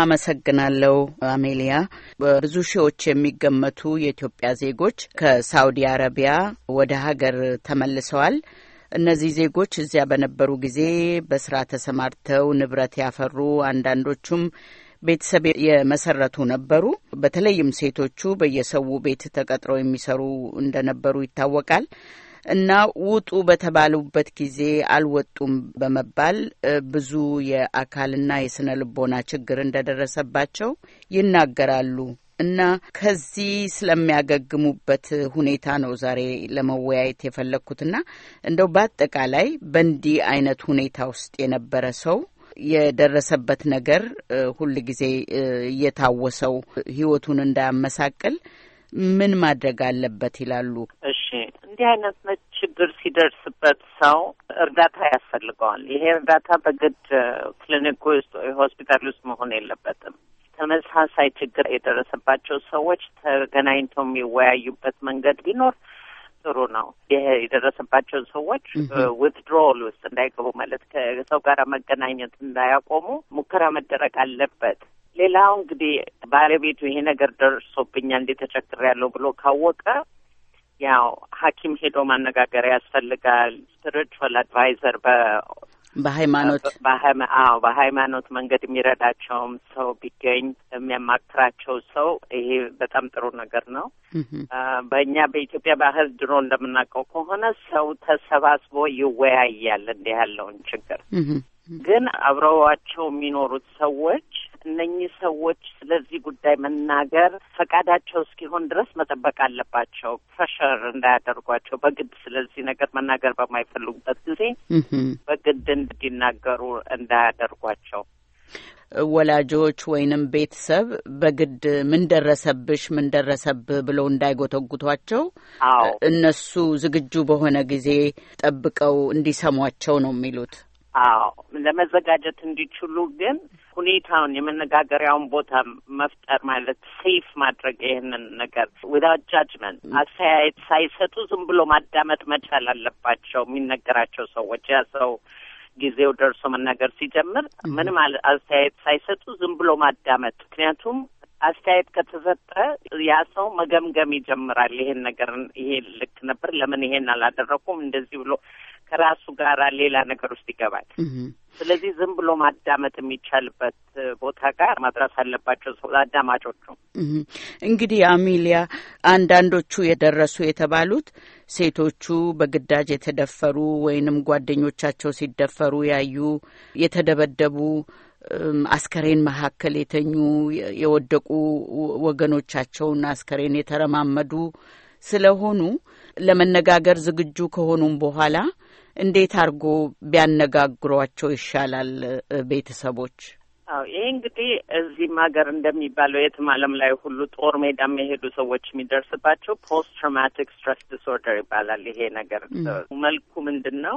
አመሰግናለሁ አሜሊያ። በብዙ ሺዎች የሚገመቱ የኢትዮጵያ ዜጎች ከሳውዲ አረቢያ ወደ ሀገር ተመልሰዋል። እነዚህ ዜጎች እዚያ በነበሩ ጊዜ በስራ ተሰማርተው ንብረት ያፈሩ፣ አንዳንዶቹም ቤተሰብ የመሰረቱ ነበሩ። በተለይም ሴቶቹ በየሰው ቤት ተቀጥረው የሚሰሩ እንደነበሩ ይታወቃል። እና ውጡ በተባሉበት ጊዜ አልወጡም በመባል ብዙ የአካልና የስነ ልቦና ችግር እንደደረሰባቸው ይናገራሉ። እና ከዚህ ስለሚያገግሙበት ሁኔታ ነው ዛሬ ለመወያየት የፈለግኩትና እንደው በአጠቃላይ በእንዲህ አይነት ሁኔታ ውስጥ የነበረ ሰው የደረሰበት ነገር ሁል ጊዜ እየታወሰው ህይወቱን እንዳያመሳቅል ምን ማድረግ አለበት ይላሉ? እንዲህ አይነት ችግር ሲደርስበት ሰው እርዳታ ያስፈልገዋል። ይሄ እርዳታ በግድ ክሊኒክ ውስጥ ወይ ሆስፒታል ውስጥ መሆን የለበትም። ተመሳሳይ ችግር የደረሰባቸው ሰዎች ተገናኝተው የሚወያዩበት መንገድ ቢኖር ጥሩ ነው። ይሄ የደረሰባቸው ሰዎች ዊትድሮል ውስጥ እንዳይገቡ ማለት ከሰው ጋር መገናኘት እንዳያቆሙ ሙከራ መደረግ አለበት። ሌላው እንግዲህ ባለቤቱ ይሄ ነገር ደርሶብኛል እንዴ ተቸግሬያለሁ ብሎ ካወቀ ያው ሐኪም ሄዶ ማነጋገር ያስፈልጋል። ስፕሪቹዋል አድቫይዘር በሃይማኖት አዎ በሃይማኖት መንገድ የሚረዳቸውም ሰው ቢገኝ የሚያማክራቸው ሰው ይሄ በጣም ጥሩ ነገር ነው። በእኛ በኢትዮጵያ ባህል ድሮ እንደምናውቀው ከሆነ ሰው ተሰባስቦ ይወያያል እንዲህ ያለውን ችግር ግን አብረዋቸው የሚኖሩት ሰዎች እነኚህ ሰዎች ስለዚህ ጉዳይ መናገር ፈቃዳቸው እስኪሆን ድረስ መጠበቅ አለባቸው። ፕሬሸር እንዳያደርጓቸው በግድ ስለዚህ ነገር መናገር በማይፈልጉበት ጊዜ በግድ እንዲናገሩ እንዳያደርጓቸው። ወላጆች ወይንም ቤተሰብ በግድ ምን ደረሰብሽ፣ ምን ደረሰብህ ብለው እንዳይጎተጉቷቸው እነሱ ዝግጁ በሆነ ጊዜ ጠብቀው እንዲሰሟቸው ነው የሚሉት። አዎ ለመዘጋጀት እንዲችሉ ግን ሁኔታውን የመነጋገሪያውን ቦታ መፍጠር ማለት ሴፍ ማድረግ ይህንን ነገር ዊዛውት ጃጅመንት አስተያየት ሳይሰጡ ዝም ብሎ ማዳመጥ መቻል አለባቸው የሚነገራቸው ሰዎች ያ ሰው ጊዜው ደርሶ መናገር ሲጀምር ምንም አስተያየት ሳይሰጡ ዝም ብሎ ማዳመጥ ምክንያቱም አስተያየት ከተሰጠ ያ ሰው መገምገም ይጀምራል። ይሄን ነገር ይሄ ልክ ነበር፣ ለምን ይሄን አላደረኩም እንደዚህ ብሎ ከራሱ ጋራ ሌላ ነገር ውስጥ ይገባል። ስለዚህ ዝም ብሎ ማዳመጥ የሚቻልበት ቦታ ጋር ማድረስ አለባቸው አዳማጮቹ። እንግዲህ አሚሊያ፣ አንዳንዶቹ የደረሱ የተባሉት ሴቶቹ በግዳጅ የተደፈሩ ወይንም ጓደኞቻቸው ሲደፈሩ ያዩ፣ የተደበደቡ፣ አስከሬን መካከል የተኙ፣ የወደቁ ወገኖቻቸውን አስከሬን የተረማመዱ ስለሆኑ ለመነጋገር ዝግጁ ከሆኑም በኋላ እንዴት አድርጎ ቢያነጋግሯቸው ይሻላል ቤተሰቦች? አዎ ይህ እንግዲህ እዚህም ሀገር እንደሚባለው የትም ዓለም ላይ ሁሉ ጦር ሜዳ የሚሄዱ ሰዎች የሚደርስባቸው ፖስት ትራማቲክ ስትረስ ዲስኦርደር ይባላል። ይሄ ነገር መልኩ ምንድን ነው?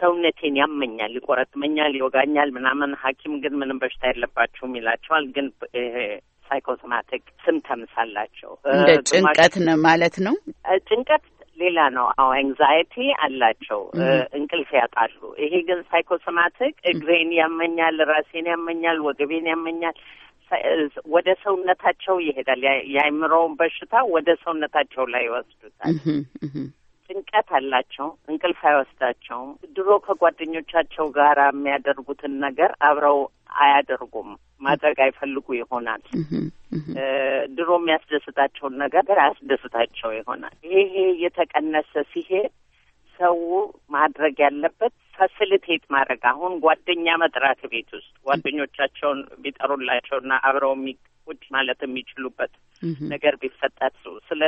ሰውነቴን ያመኛል፣ ይቆረጥመኛል፣ ይወጋኛል ምናምን፣ ሐኪም ግን ምንም በሽታ የለባችሁም ይላቸዋል። ግን ይሄ ሳይኮሶማቲክ ስምተምስ አላቸው። እንደ ጭንቀት ማለት ነው። ጭንቀት ሌላ ነው። አዎ ኤንግዛይቲ አላቸው፣ እንቅልፍ ያጣሉ። ይሄ ግን ሳይኮሶማቲክ እግሬን ያመኛል፣ ራሴን ያመኛል፣ ወገቤን ያመኛል ወደ ሰውነታቸው ይሄዳል። የአእምሮውን በሽታ ወደ ሰውነታቸው ላይ ይወስዱታል። ጭንቀት አላቸው፣ እንቅልፍ አይወስዳቸውም። ድሮ ከጓደኞቻቸው ጋር የሚያደርጉትን ነገር አብረው አያደርጉም። ማድረግ አይፈልጉ ይሆናል። ድሮ የሚያስደስታቸውን ነገር አያስደስታቸው ይሆናል። ይሄ እየተቀነሰ ሲሄድ ሰው ማድረግ ያለበት ፋሲሊቴት ማድረግ አሁን ጓደኛ መጥራት ቤት ውስጥ ጓደኞቻቸውን ቢጠሩላቸውና አብረው ቁጭ ማለት የሚችሉበት ነገር ቢፈጠር ስለ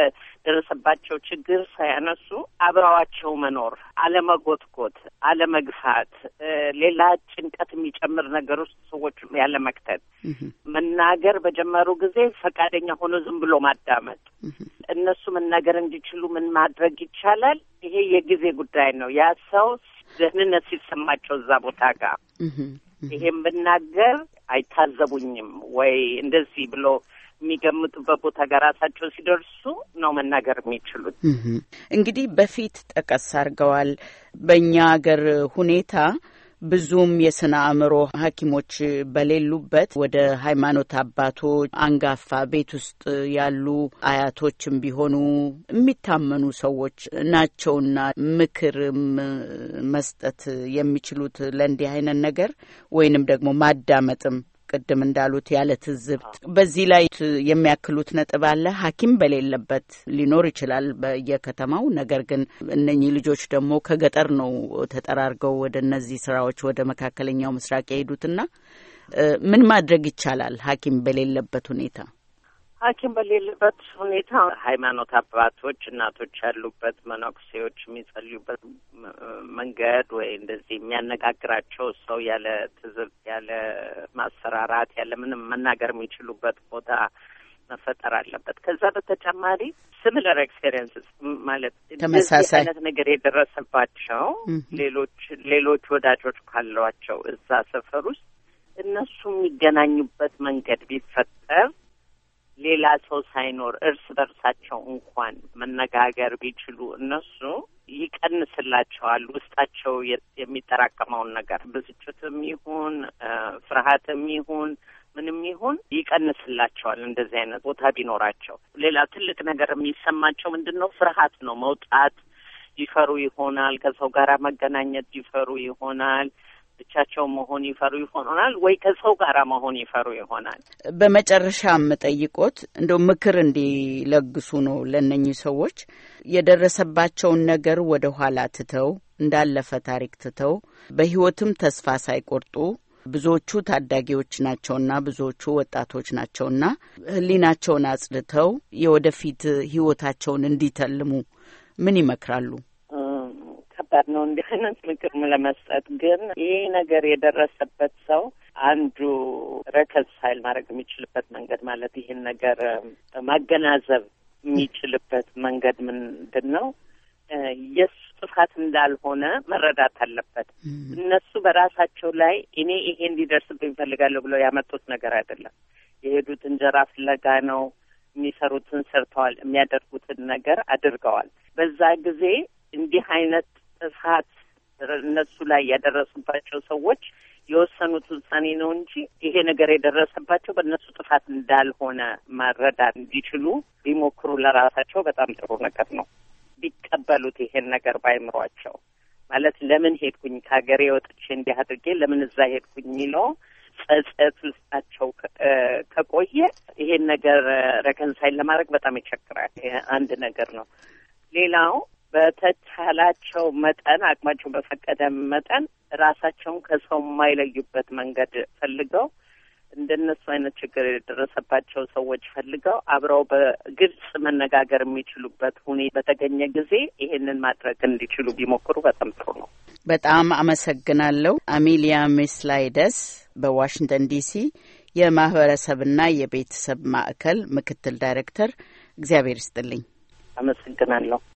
የደረሰባቸው ችግር ሳያነሱ አብረዋቸው መኖር፣ አለመጎትጎት፣ አለመግፋት፣ ሌላ ጭንቀት የሚጨምር ነገር ውስጥ ሰዎች ያለመክተት፣ መናገር በጀመሩ ጊዜ ፈቃደኛ ሆኖ ዝም ብሎ ማዳመጥ፣ እነሱ መናገር እንዲችሉ ምን ማድረግ ይቻላል? ይሄ የጊዜ ጉዳይ ነው። ያ ሰው ደህንነት ሲሰማቸው እዛ ቦታ ጋር ይሄም ብናገር አይታዘቡኝም ወይ እንደዚህ ብሎ የሚገምጡበት ቦታ ጋር ራሳቸው ሲደርሱ ነው መናገር የሚችሉት። እንግዲህ በፊት ጠቀስ አድርገዋል። በእኛ ሀገር ሁኔታ ብዙም የስነ አእምሮ ሐኪሞች በሌሉበት ወደ ሃይማኖት አባቶች፣ አንጋፋ ቤት ውስጥ ያሉ አያቶችም ቢሆኑ የሚታመኑ ሰዎች ናቸውና ምክርም መስጠት የሚችሉት ለእንዲህ አይነት ነገር ወይንም ደግሞ ማዳመጥም ቅድም እንዳሉት ያለ ትዝብት። በዚህ ላይ የሚያክሉት ነጥብ አለ። ሐኪም በሌለበት ሊኖር ይችላል በየከተማው። ነገር ግን እነኚህ ልጆች ደግሞ ከገጠር ነው ተጠራርገው ወደ እነዚህ ስራዎች ወደ መካከለኛው ምስራቅ የሄዱትና ምን ማድረግ ይቻላል ሐኪም በሌለበት ሁኔታ? ሐኪም በሌለበት ሁኔታ ሃይማኖት አባቶች እናቶች ያሉበት መነኩሴዎች የሚጸልዩበት መንገድ ወይ እንደዚህ የሚያነጋግራቸው ሰው ያለ ትዝብት ያለ ማሰራራት ያለ ምንም መናገር የሚችሉበት ቦታ መፈጠር አለበት። ከዛ በተጨማሪ ሲሚለር ኤክስፔሪንስ ማለት ተመሳሳይ አይነት ነገር የደረሰባቸው ሌሎች ሌሎች ወዳጆች ካሏቸው እዛ ሰፈር ውስጥ እነሱ የሚገናኙበት መንገድ ቢፈጠር ሌላ ሰው ሳይኖር እርስ በርሳቸው እንኳን መነጋገር ቢችሉ እነሱ ይቀንስላቸዋል። ውስጣቸው የሚጠራቀመውን ነገር ብስጭትም ይሁን ፍርሃትም ይሁን ምንም ይሁን ይቀንስላቸዋል። እንደዚህ አይነት ቦታ ቢኖራቸው ሌላ ትልቅ ነገር የሚሰማቸው ምንድን ነው? ፍርሃት ነው። መውጣት ይፈሩ ይሆናል። ከሰው ጋር መገናኘት ይፈሩ ይሆናል። ብቻቸው መሆን ይፈሩ ይሆናል ወይ ከሰው ጋር መሆን ይፈሩ ይሆናል። በመጨረሻ ጠይቆት እንደ ምክር እንዲለግሱ ነው ለእነኚህ ሰዎች የደረሰባቸውን ነገር ወደ ኋላ ትተው እንዳለፈ ታሪክ ትተው በሕይወትም ተስፋ ሳይቆርጡ ብዙዎቹ ታዳጊዎች ናቸውና ብዙዎቹ ወጣቶች ናቸውና ሕሊናቸውን አጽድተው የወደፊት ሕይወታቸውን እንዲተልሙ ምን ይመክራሉ? ከባድ ነው እንዲህ አይነት ምክር ለመስጠት። ግን ይህ ነገር የደረሰበት ሰው አንዱ ረከዝ ማድረግ የሚችልበት መንገድ ማለት ይህን ነገር ማገናዘብ የሚችልበት መንገድ ምንድን ነው? የሱ ጥፋት እንዳልሆነ መረዳት አለበት። እነሱ በራሳቸው ላይ እኔ ይሄ እንዲደርስብኝ እፈልጋለሁ ብለው ያመጡት ነገር አይደለም። የሄዱት እንጀራ ፍለጋ ነው። የሚሰሩትን ሰርተዋል። የሚያደርጉትን ነገር አድርገዋል። በዛ ጊዜ እንዲህ አይነት ጥፋት እነሱ ላይ ያደረሱባቸው ሰዎች የወሰኑት ውሳኔ ነው እንጂ ይሄ ነገር የደረሰባቸው በእነሱ ጥፋት እንዳልሆነ መረዳት እንዲችሉ ቢሞክሩ ለራሳቸው በጣም ጥሩ ነገር ነው። ቢቀበሉት ይሄን ነገር ባይምሯቸው ማለት ለምን ሄድኩኝ ከሀገሬ ወጥቼ እንዲህ አድርጌ ለምን እዛ ሄድኩኝ ይለው ጸጸት ውስጣቸው ከቆየ ይሄን ነገር ረከንሳይን ለማድረግ በጣም ይቸግራል። አንድ ነገር ነው። ሌላው በተቻላቸው መጠን አቅማቸው በፈቀደ መጠን ራሳቸውን ከሰው የማይለዩበት መንገድ ፈልገው እንደነሱ አይነት ችግር የደረሰባቸው ሰዎች ፈልገው አብረው በግልጽ መነጋገር የሚችሉበት ሁኔታ በተገኘ ጊዜ ይሄንን ማድረግ እንዲችሉ ቢሞክሩ በጣም ጥሩ ነው። በጣም አመሰግናለሁ። አሜሊያ ሚስላይደስ በዋሽንግተን ዲሲ የማህበረሰብና የቤተሰብ ማዕከል ምክትል ዳይሬክተር፣ እግዚአብሔር ይስጥልኝ። አመሰግናለሁ።